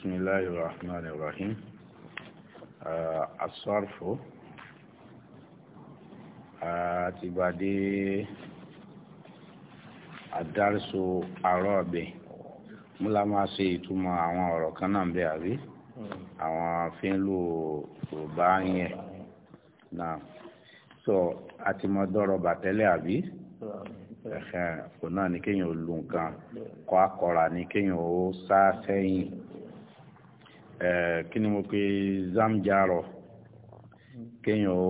بسم الله الرحمن الرحيم الصرف àtìgbàdé àdárso àárọ̀ ọ̀bẹ mú la máa ṣe ìtumọ̀ àwọn ọ̀rọ̀ kan náà bẹ́ẹ̀ àbí àwọn fínlò yorùbá yẹn náà so àtìmọ̀dọ́rọ̀ bàtẹ́lẹ̀ àbí ẹ̀hẹ̀n kò náà ní kéèyàn ò lu nǹkan kọ́ àkọ́ra ní kéèyàn ó sá sẹ́yìn. Eh, kí ni mo pe zamjaro kéèyàn ó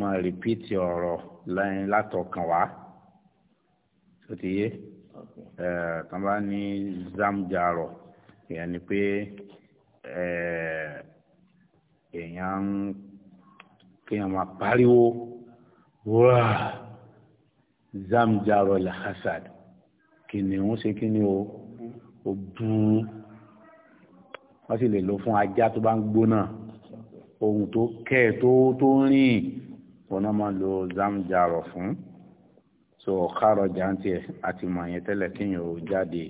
máa rìpíìtì ọ̀rọ̀ lẹ́yìn látọkàn wá tó ti yé eh, tán bá ní zamjaro ìyẹn ni pé eh, èèyàn ń kéèyàn máa pariwo wá zamjaro al-hasad kìnìún ṣe kí ni o mm-hmm. ó bú wọ́n sì lè lò fún ajá tó bá ń gbóná ohun tó kẹ́ tó tó rìn òun máa lo zamjaro fún so ọ̀kárọ̀ jàǹtì àti mọ̀nyẹn tẹ́lẹ̀ kéèyàn ò jáde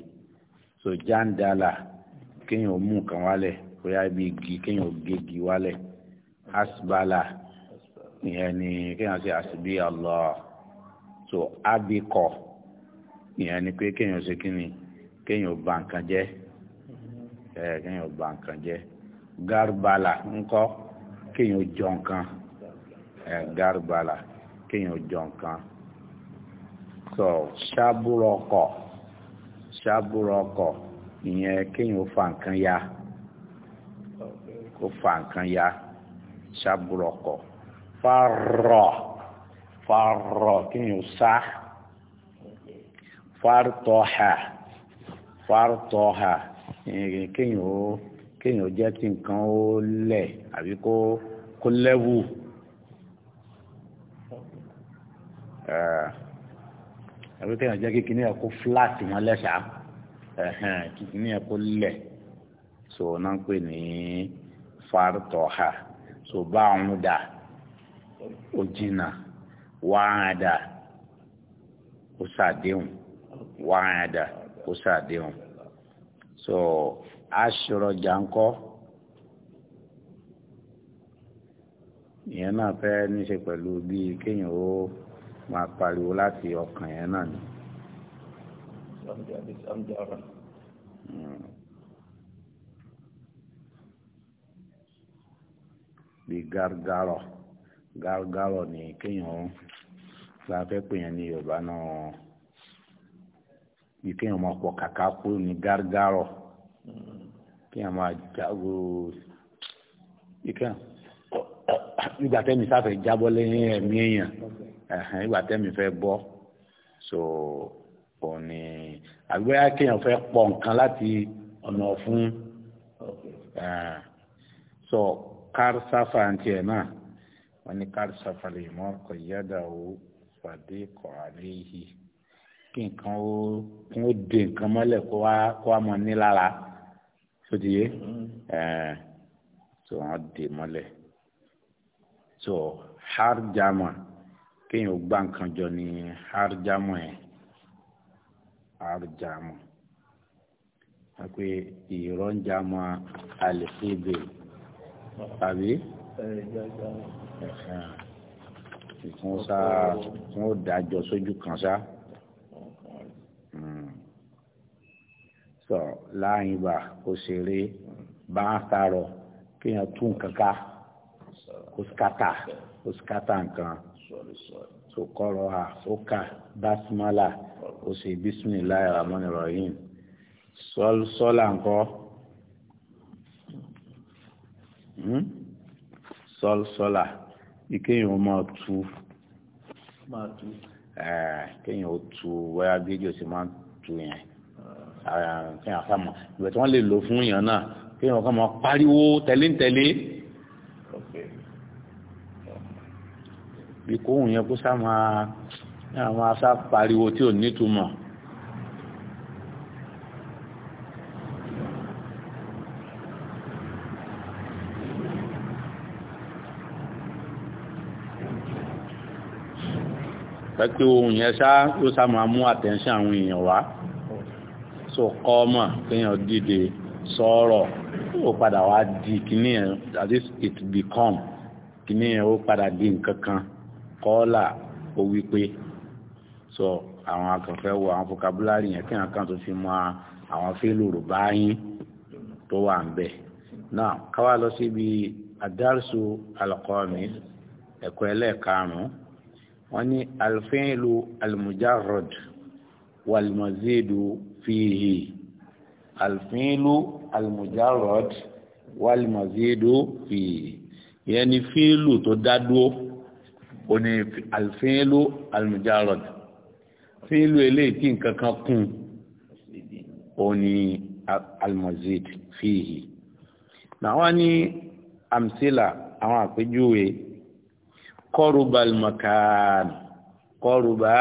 so jàǹdàlà kéèyàn ò mú nǹkan wálẹ̀ bóyá ibi igi kéèyàn ò gégi wálẹ̀ asbala ìyẹn ni kéèyàn ṣe àṣìbí Allah so abikọ ìyẹn ni pé kéèyàn ṣe kí ni kéèyàn ò bà nǹkan jẹ́ kéèyàn gba nǹkan jẹ garbala ńkọ́ kéèyàn jọ nǹkan garibala kéèyàn jọ nǹkan sọ ṣàbúrọkọ ṣàbúrọkọ ìyẹn o fa nǹkan ya kó fa nǹkan ya ṣàbúrọkọ farọ farọ kéèyàn sá kéèyàn ó kéèyàn ó jẹ́ nǹkan ó lẹ̀ àbí kó kó lẹ́wù àbí kéèyàn jẹ́ kí kìnìyàn kó fúláàtì wọn lẹ́sà kí kìnìyàn kó lẹ̀ so náà ń pè ní fartọ̀ha so bá òun dà ó jìnnà ó sàdéhùn ó sàdéhùn. so aṣọrọjà ńkọ ìyẹn náà fẹ́ níṣe pẹ̀lú bí kéèyàn ó máa pariwo láti ọkàn yẹn náà ni. Hmm. bí gárgárọ̀ gárgárọ̀ ni kéèyàn ó la fẹ́ pè yẹn ní Yorùbá náà bí kéèyàn máa pọ̀ kàkà kú ní gárgárọ̀ kí a máa jágo ìkẹ́ ìgbà tẹ́mi sáfẹ́ jábọ́ lẹ́yìn ẹ̀mí èèyàn ìgbà tẹ́mi fẹ́ bọ́ so òun ni àgbẹ̀yà kéèyàn fẹ́ pọ̀ nǹkan láti ọ̀nà ọ̀fun so kársáfà àti ẹ̀ náà wọ́n ní kársáfà lè mọ́ ọkọ̀ ìyáda ò pàdé kọ̀ àléyìí kí nǹkan ó dé nǹkan mọ́lẹ̀ kó wá mọ́ ní lára tó ti yé ẹ̀ẹ́ tó wọ́n dè mọ́lẹ̀ tó harjama kéèyàn gbá nǹkan jọ ní harjama ẹ̀ harjama pé ìrọ̀njama àlèkébè tàbí ìfúnṣá fún ó dájọ sójú kan ṣáá. láàyìnbá kò ṣeré bá ń tarọ kéèyàn tú nǹkan ká kò skata kò skata nǹkan tó kọrọ ha ó kà basmala kò sí bisimilayi ramoni rahim sọlá nǹkan sọlá ìkéyìn ó máa tú kéyìn ó tú wáyà bí èjì ó sì máa tú yẹn kí àfa mọ̀ ìbẹ̀ tí wọ́n lè lò fún èèyàn náà kí wọ́n kọ́ mọ pariwo tẹ̀léńtẹ̀lé bí kóhùn yẹn kó sá máa àwọn asá pariwo tí ò nítumọ̀ pẹ́ pé ohun yẹn sá yóò sá máa mú àtẹ́ńṣẹ́ àwọn èèyàn wá so kọ́ọ̀mà kéèyàn dìde sọ̀rọ̀ ó padà wá di kíní ẹ̀ that is it become kíní ẹ̀ ó padà di nǹkan kan kọ́ọ̀là ó wí so àwọn akànfẹ́ wo àwọn vocabulary yẹn kéèyàn kan tó fi mọ àwọn fílù rògbà yín tó wà ń bẹ̀ náà káwá lọ síbi adarsu alqami ẹ̀kọ́ ẹlẹ́ẹ̀karùn-ún wọ́n ní alfi'lu almujarrad walmazidu فيه الفيل المجرد والمزيد فيه يعني فيل تدادو oni alfiilu almujarad fiilu eléyìí tí nǹkan kan kún oni almazid fihi náà ní amsila àwọn àpèjúwe kọrùbà almakan kọrùbà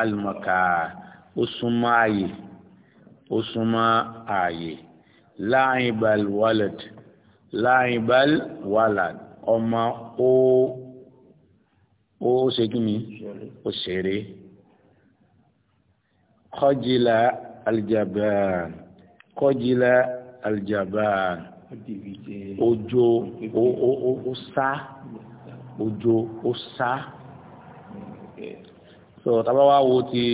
almakan ó súnmọ́ ààyè ó súnmọ́ ààyè láìbal walad láìbal walad ọmọ ó ó ṣe kí ni ó ṣeré kọjìlá aljaban kọjìlá aljaban ojo ó sá ojo ó sá so tàbá wá wo ti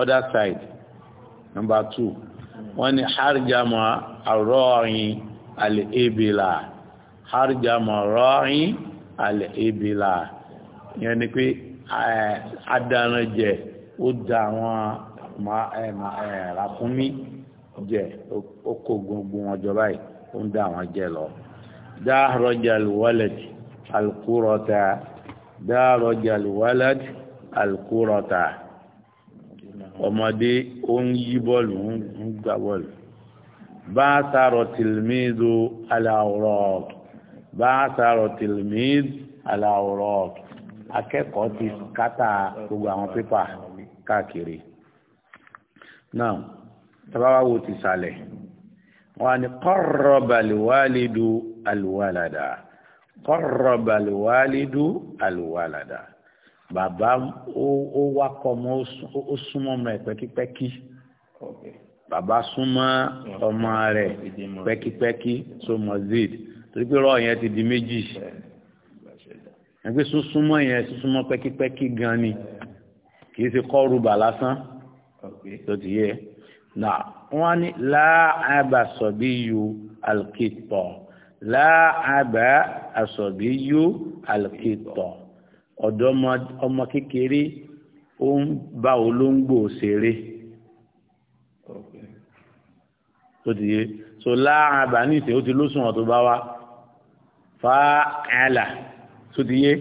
other side nọmba tù wọ́n ni harjama arọ́ọ̀yìn alẹ́ harjama arọ́ọ̀yìn alẹ́ yẹn ni pé eh, adaranjẹ ó da eh, eh, jẹ ó kó wọn jọ báyìí ó ń da wọn jẹ lọ dáhàrọ̀jà lùwọ́lẹ̀tì alukúrọ̀tà dáhàrọ̀jà ọmọdé ó ń yí bọ́ọ̀lù ń gbà bọ́ọ̀lù bá a sàrọ̀ tìlmíìdù aláwòrán bá a sàrọ̀ tìlmíìdù aláwòrán akẹ́kọ̀ọ́ ti kátà gbogbo àwọn pépà káàkiri náà tabawa wo ti sàlẹ̀ wọ́n ní qarraba alwalidu alwalada qarraba alwalidu alwalada bàbá ó wákọ̀ ọmọ ó súnmọ́ ọmọ ẹ̀ pẹ́kípẹ́kí bàbá súnmọ́ ọmọ rẹ̀ pẹ́kípẹ́kí so mozid torí pé rọ́ọ̀ yẹn ti di méjì ẹgbẹ́ súnmọ́ yẹn súnmọ́ pẹ́kípẹ́kí gan ni kì í ṣe kọ́rùbà lásán tó ti yẹ náà wọ́n ní láàbà sọ̀bí yu alkitọ̀ láàbà sọ̀bí yu alkitọ̀ ọ̀dọ́ ọmọ kékeré ó ń bá olóńgbò ṣeré tó ti yé so láàrin àbá ní ìsìn ó ti lóṣùn ọ̀tún bá wá fa àlà tó ti yé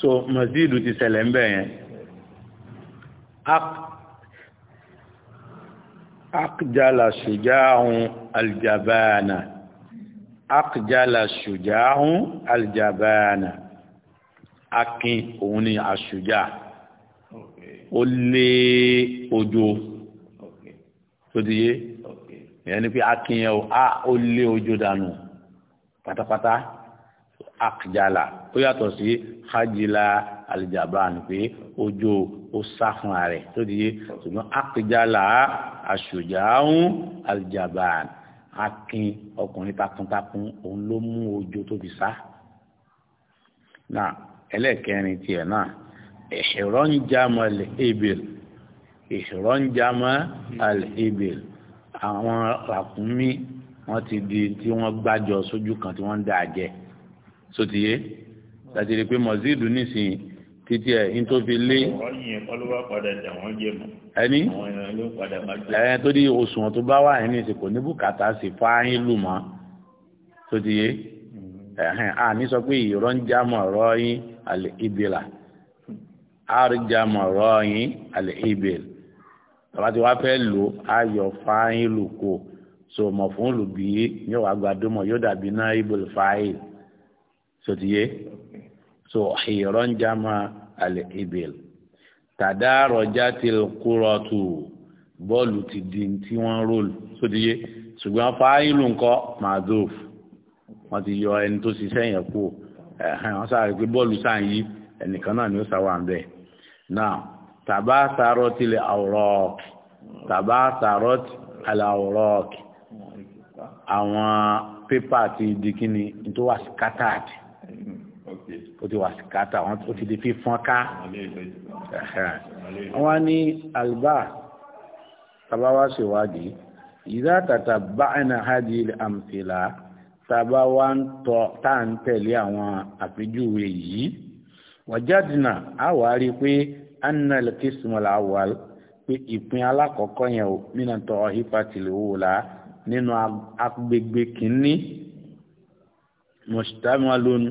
so mọ̀síìdù ti ṣẹlẹ̀ ń bẹ̀ yẹn akjala ṣùjáhùn aljabana akjala ṣùjáhùn aljabana akin òun ni àṣùjà ó lé ojo tó ti yé ìyẹn ni pé akin yẹn ó lé ojo dànù pátápátá akjala ó yàtọ̀ sí hajjila alijaban pé ojo ó sá fúnra rẹ̀ tó ti yé ṣùgbọ́n akjala àṣùjáhùn alijaban akin ọkùnrin takuntakun òun ló mú ojo tó fi sá ẹlẹ́ẹ̀kẹrin tiẹ̀ náà ìṣìrọ́njàmọ́ al-ibil ìṣìrọ́njàmọ́ al-ibil àwọn ràkúnmí wọ́n ti di tí wọ́n gbájọ sójú kan tí wọ́n ń dà jẹ sotiye láti rí i pé mọ̀zídù nísìnyí títí ẹ̀ ń tó fi lé. ọ̀yìn ọlọ́wà padà dà wọ́n jẹ mọ́. ẹni ẹ̀yẹn tó di òṣùwọ̀n tó bá wà yẹn ní ìsìnkú ní bùkátà sí fáyín lù mọ́ sotiye mm-hmm. ẹ̀hìn àní sọ pé ìrọ̀ ń já ọ̀rọ̀ yín alìbìlà àrìjàmọ̀rọ̀ yín alìbìl tọ́ba tí wàá fẹ́ lò ayọ̀ fáyín lù kó so mọ̀ fún lùbí yóò wá gbàdúmọ̀ yóò dàbí náà ibùl fáyín sotiye so ìrọ̀ ń jàmọ̀ alìbìl tàdárọ̀já ti kúrọ̀ tù bọ́ọ̀lù ti di tí wọ́n rólù sotiye ṣùgbọ́n fáyín lù ń kọ́ wọ́n ti yọ ẹni tó ṣiṣẹ́ yẹn kúrò wọ́n sáré pé bọ́ọ̀lù sáà yí ẹnìkan náà ni ó sáwà ń bẹ̀ náà tàbá sàárọ̀ tilẹ̀ àwòrán tàbá sàárọ̀ tilẹ̀ àwòrán àwọn pépà ti di ni tó wà scattered ó ti wà scatter ó ti di fífọ́n ká wọ́n ní alba tàbá wá ṣèwádìí ìdá tàtàbá ẹ̀nà hajj amthila tàbá wá ń tọ tá à ń tẹ̀lé àwọn àpèjúwe yìí wàjádìnà á wà á rí i pé anna al-qismul awwal pé ìpín alákọ̀ọ́kọ́ yẹn ò nínú tọ́ hipatil wula nínú agbègbè kìíní mushtamalun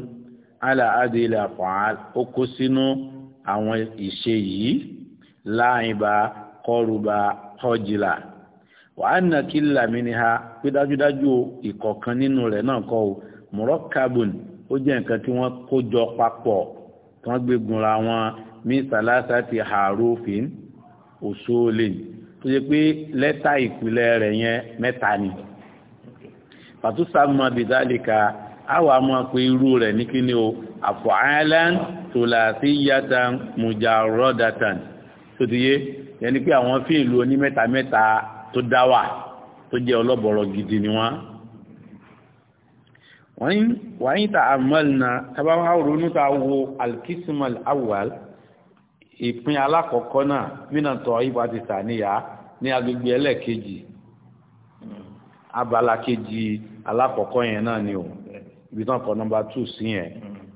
ala adil af'al ó kó sínú àwọn ìṣe yìí láàyìnbá kọrùbá kọjìlá wa anna killa minha pé dájúdájú ìkọ̀kan nínú rẹ̀ náà kọ́ o mọ̀rọ́kàbùn ó jẹ́ nǹkan tí wọ́n kó jọ papọ̀ tí wọ́n gbé gunra wọn mí sàlásà ti harufin usulin tó yẹ pé lẹ́tà ìpìlẹ̀ rẹ̀ yẹn mẹ́ta ni fàtúsàmù bìdálìkà àwa máa pe irú rẹ̀ ní kíni o àfọ̀hánlán tòlàsíyàtàn mùjàrọ́dàtàn tó ti yé yẹn ni pé àwọn fíìlù onímẹ́ta mẹ́ta tó dá wà tó jẹ́ ọlọ́bọ̀rọ̀ gidi ni wọ́n wọ́n yí ta àmọ́lìna tàbáwá ronú ta wo alkismal awal ìpín alákọ̀ọ́kọ́ náà mínàtọ̀ ibà ti sàníyà ní agbègbè ẹlẹ́ẹ̀kejì abala kejì alákọ̀ọ́kọ́ yẹn náà ni o ibi tán kọ nọmba 2 sí yẹn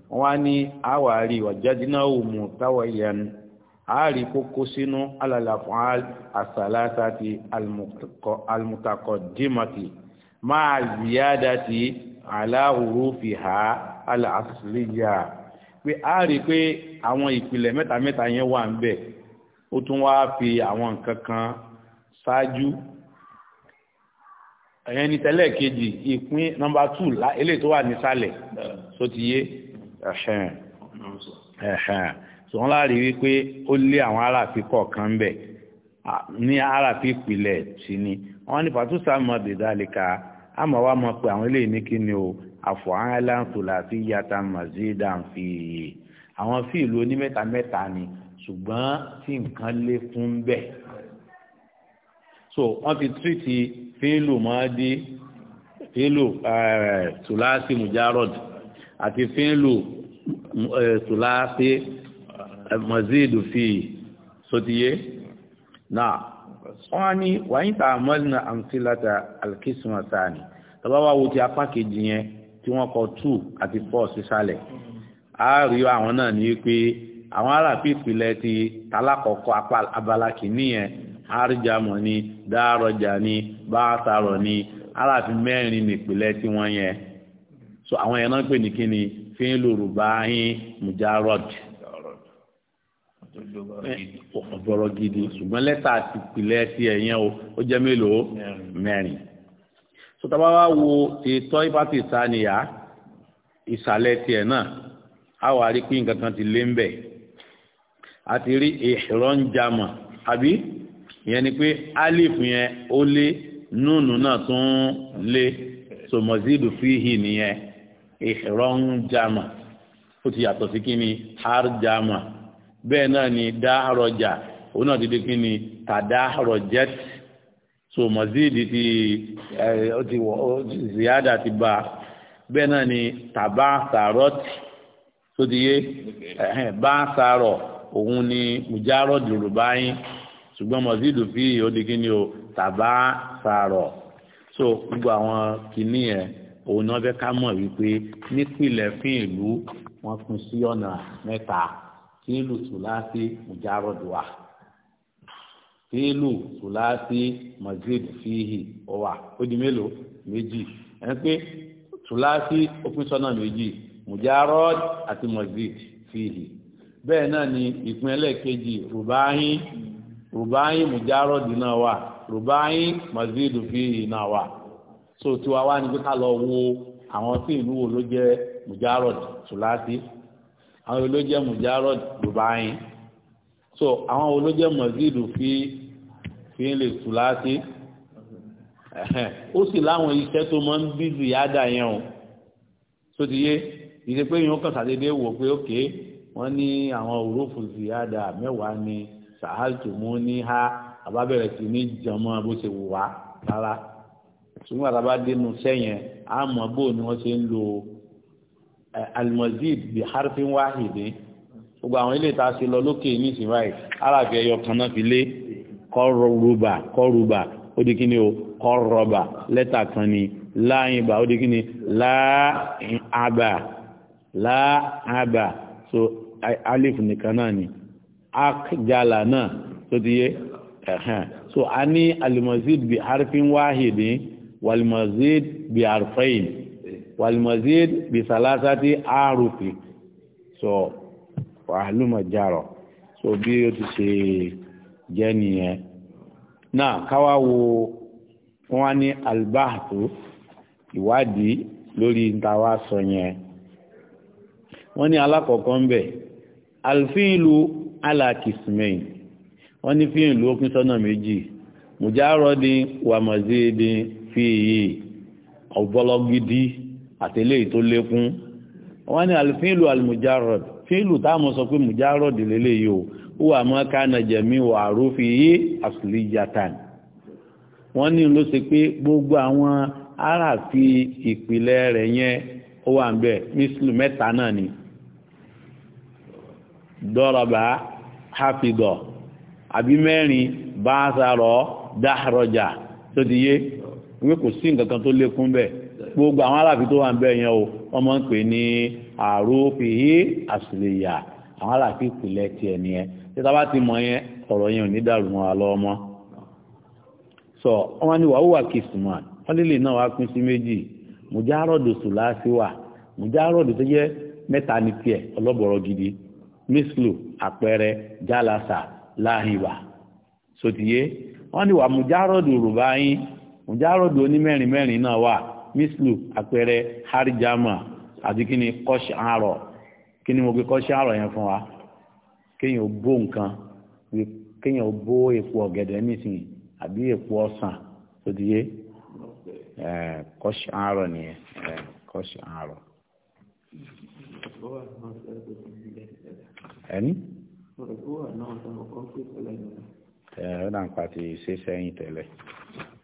wọ́n wá ní àwárí wàjádínáwò mú táwọ̀ yẹn àárí kókó sínú alàlàfọ́ àsàlásàtì almutakọ̀dìmọ̀tì máa ziyadati ala hurufiha aláàsìlíyà pé àárí pé àwọn ìpìlẹ̀ mẹ́ta mẹ́ta yẹn wà ń bẹ̀ ó tún wá fi àwọn nǹkan kan ṣáájú ẹ̀yẹn ni tẹ́lẹ̀ kejì ìpín nọmba tù eléyìí tó wà nísàlẹ̀ sótìyé ẹ̀hẹ̀n ẹ̀hẹ̀n sọ̀rọ̀ láàrin wípé ó lé àwọn aráàfin kọ̀ọ̀kan bẹ̀ ní aráàfin ìpìlẹ̀ sí ni wọ́n ní fàtúnṣà mọ̀ dèdálìkà àmọ́ wá mọ̀ pé àwọn eléyìí ní kíni o àfọ̀hánlá tòlà sí yàtà màzídà ń fi yè àwọn fíìlú onímẹ́ta mẹ́ta ni ṣùgbọ́n tí nǹkan lé fún bẹ́ẹ̀ so wọ́n ti tírìtì fíìlù mọ́ọ́dí fíìlù tòlá eh, mujarod àti fíìlù tòlá eh, mazidu fi sotiye náà wọ́n á ní wàyí tà mọ́lìnà àmsílátà alkisma sáàni tọ́bá wá wo ti apá kejì yẹn tí wọ́n kọ 2 àti 4 sísàlẹ̀ a rí àwọn náà ní pé àwọn aráàfin ìpìlẹ̀ ti talákọ̀ọ́kọ́ abala kìíní yẹn àríjàmọ̀ ni dáàrọ̀jà ni báàtàrọ̀ ni aláàfin mẹ́rin nìpìlẹ̀ tí wọ́n yẹn so àwọn yẹn náà pè ní kíni fínlùrù báyìí mujarod ọ̀fọ̀rọ̀ gidi ṣùgbọ́n lẹ́tà ti ìpìlẹ̀ sí ẹ̀yẹn o ó jẹ́ mélòó mẹ́rin sọtaba wa wo ti tọ́ ìbátí ìsáníyà ìsàlẹ̀ tiẹ̀ náà a wà rí pín kankan ti lé ń bẹ̀ a ti rí ìrọ̀njàmọ̀ àbí ìyẹn ni pé alif yẹn ó lé núùnù náà tún lé sọmọzídù fíhì nìyẹn ìrọ̀njàmọ̀ ó ti yàtọ̀ sí kí ni harjàmọ̀. bẹ́ẹ̀ náà ni dáhàrọ̀jà òun náà ti kí ni tàdáhàrọ̀jẹ́t so mọ̀síìdì ti ó ti wọ̀ ó ziyada ti bá bẹ́ẹ̀ náà ni tàbá sàrọ́t tó ti yé bá sàrọ̀ òun ni mùjárọ̀ dùrù báyìí ṣùgbọ́n mọ̀síìdì fi ó di kí ni o tàbá so gbogbo àwọn kìíní yẹn òun náà fẹ́ ká mọ̀ wípé nípìnlẹ̀ fún ìlú wọ́n fún sí ọ̀nà mẹ́ta fílù sùláṣí mùjárọ̀dùwà fílù sùláṣí mazid fiihi Owa. ó di mélòó méjì ẹni pé sùláṣí òpin sọ́nà méjì mùjárọ̀d àti mazid fíhì bẹ́ẹ̀ náà ni ìpín ẹlẹ́ẹ̀kejì rùbáyín rùbáyín mùjárọ̀dù náà wà rùbáyín mazid fíhì náà wà so tiwa wá ní pé ká lọ wo àwọn tí ìlú wo ló jẹ́ mùjárọ̀d sùláṣí àwọn olójẹ́ mùjárọ̀ dubai so àwọn olójẹ́ mọ̀zídù fi fi ń lè tù láti ó sì láwọn iṣẹ́ tó máa ń bí ziyada yẹn o tó ti yé ìṣe pé yìí ó kàn sàdédé wò pé ókè wọ́n ní àwọn òrófò ziyada mẹ́wàá ni sàháltù mú ní ha àbábẹ̀rẹ̀ sí ní jọmọ bó ṣe wù wá rárá ṣùgbọ́n àtàbá dénú sẹ́yìn àmọ́ bò ni wọ́n ṣe ń lo almozid bi harfin wahidi gbogbo àwọn ilé ìta ṣe lọ lókè nísìnyí báyìí aláàbí ẹyọ kan náà fi lé kọrọba kọrọba ó di kíni o kọrọba lẹ́tà kan ni láyìnbá ó di kíni láàbà láàbà so alif nìkan náà ni akjala náà tó ti yé ẹ̀hẹ́n so a ní alimozid bi harfin wahidi walimozid bi harfain wàlùmọ̀zíd bisalásátì àrùpì sọ wàhálùmọ̀járọ̀ so bí ó ti ṣe jẹ́ nìyẹn náà káwá wo wọ́n ní albáàtò ìwádìí lórí ìtawà sọ yẹn wọ́n ní alákọ̀ọ́kọ́ ń bẹ̀ alfíìlú alákìsìmẹ́yìn wọ́n ní fíìlú ókún sọ́nà méjì mùjárọ́dín wàmọ̀zídín fíìyì ọ̀bọ́lọ́gídí àtẹlẹ́ tó lékún wọ́n ní alfíìlù almujarrad fíìlù táàmù sọ pé mujarrad lélẹ̀ yìí o ó wà mọ́ kánà jẹ̀mí wà rúfi yé asliyatan wọ́n ní ló ṣe pé gbogbo àwọn ara fi ìpìlẹ̀ rẹ̀ yẹn ó wà ń bẹ̀ mísìlù mẹ́ta náà ni dọ́rọ̀bà hafidọ̀ àbí mẹ́rin bá a sàrọ̀ tó ti yé wípé kò sí nǹkan kan tó lékún bẹ́ẹ̀ gbogbo àwọn aláàfi tó wà ń bẹ yẹn o wọ́n máa ń pè ní àròfìhí àṣìlẹ̀yà àwọn aláàfi ìpìlẹ̀ tiẹ̀ nìyẹn tí tá bá ti mọ̀ yẹn ọ̀rọ̀ yẹn ò ní dàrú mọ́ wa lọ́wọ́ mọ́ sọ wọ́n ní wàhùwà kìsùmọ̀ wọ́n lè lè náà wá pín sí méjì mùjárọ̀dù sùláṣí wà mùjárọ̀dù tó jẹ́ mẹ́ta ní tiẹ̀ ọlọ́bọ̀rọ̀ gidi mislu àpẹẹrẹ jálásà láhìwà sotiye wọ́n ní wà mùjárọ̀dù rùbáyín mùjárọ̀dù onímẹ́rin mẹ́rin náà wà mislu àpẹẹrẹ harijama àti kí ni kọ́ṣì àárọ̀ kí ni mo gbé kọ́ṣì àárọ̀ yẹn fún wa kéèyàn ó bó nǹkan kéèyàn ó bó èpo ọ̀gẹ̀dẹ̀ nísìnyí àbí tó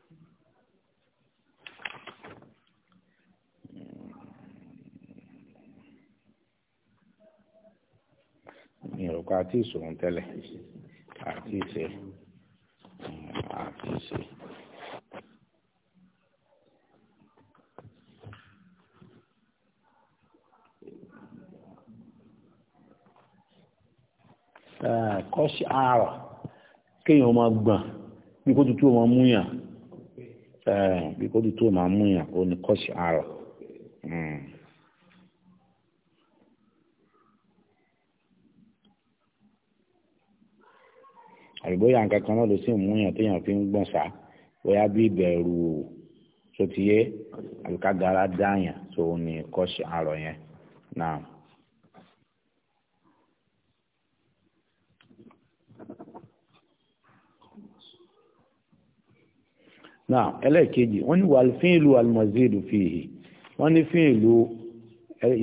rò pé àti ìṣòwòn tẹ́lẹ̀ àti ìṣe àti ìṣe. kọ́ṣí àrà kéèyàn máa gbọ̀n bí kó tutù máa múyàn bí kó tutù máa múyàn ó ní kọ́ṣí àrà. Hmm. àgbóyà nǹkan kan náà ló sì mú yàn téèyàn fi ń gbọ̀n sá bóyá bí ìbẹ̀rù tó ti yé àbíkágara dáàyàn tó ní kọ́ṣì àrọ̀ yẹn náà. náà ẹlẹ́ẹ̀kejì wọ́n ní wàá fín ìlú almazidu fìhì wọ́n ní fín ìlú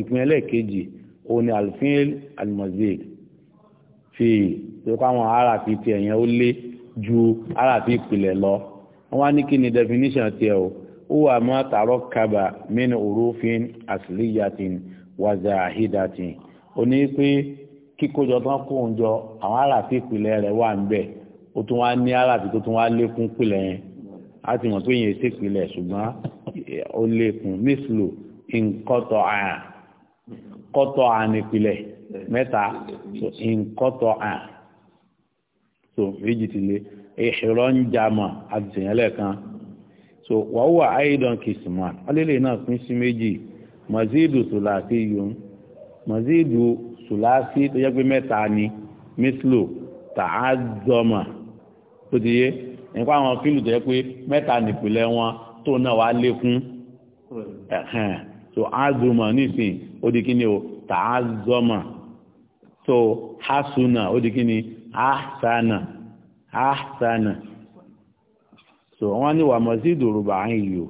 ìpín ẹlẹ́ẹ̀kejì òun ni alfin almazid fi tó káwọn aráàfin tiẹ̀ yẹn ó lé ju aráàfin ìpìlẹ̀ lọ wọ́n wá ní kí ni definition tiẹ̀ o ó wà mọ́ tààrọ́ kaba min urufin asliyatin wazahidatin ó ní pé kíkójọ tán kó ń jọ àwọn aráàfin ìpìlẹ̀ rẹ̀ wà ń bẹ̀ ó tún wá ní aráàfin tó tún wá lékún pìlẹ̀ yẹn a ti mọ̀ pé yẹn ṣe ìpìlẹ̀ ṣùgbọ́n ó lékún nísìlò nkọ́tọ̀ àyàn kọ́tọ̀ àyàn ìpìlẹ̀ mẹ́ta nkọ́tọ̀ àn so méjì ti lé ìṣòro ń jamọ̀ àtìsẹ̀yìn lẹ́ẹ̀kan so wàhùwà aidan kìsìmán ọlẹ́lẹ̀ náà pín sí méjì mazidu sùlàsí yòó mazidu sùlàsí tó yẹ mẹ́ta ni mislo tààzọmọ tó ti yé nípa àwọn fílù tó yẹ pé mẹ́ta nìpìlẹ̀ wọn tó náà wá lékún ẹ̀hẹ̀n so azọmọ nísìn ó di kí ni o tààzọmọ. to hasuna o di gini ahsana ahsana so won ni wa mazidu ruba'in yo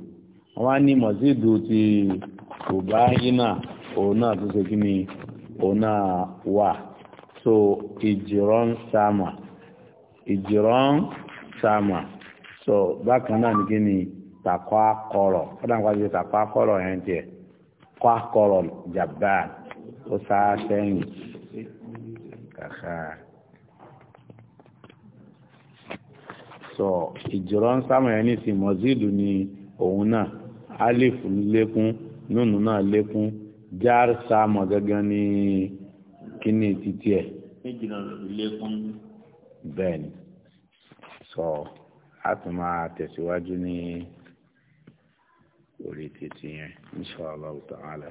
won ni mazidu ti ruba'ina o na to se kini o wa so ijiran sama ijiran sama so bakan na ni takwa koro o da nkwa takwa koro yen ti kwa koro jabba o sa seyin akhaa sọ ìjọrọ ń sáwọn ẹni sí mọ̀zídù ni òun náà alif lékún nùnù náà lékún jar sáàmọ̀ gẹ́gẹ́ ní kíní títí ẹ̀ bẹ́ẹ̀ ni sọ a tún máa tẹ̀síwájú ní orí títí yẹn insha Allah ta'ala.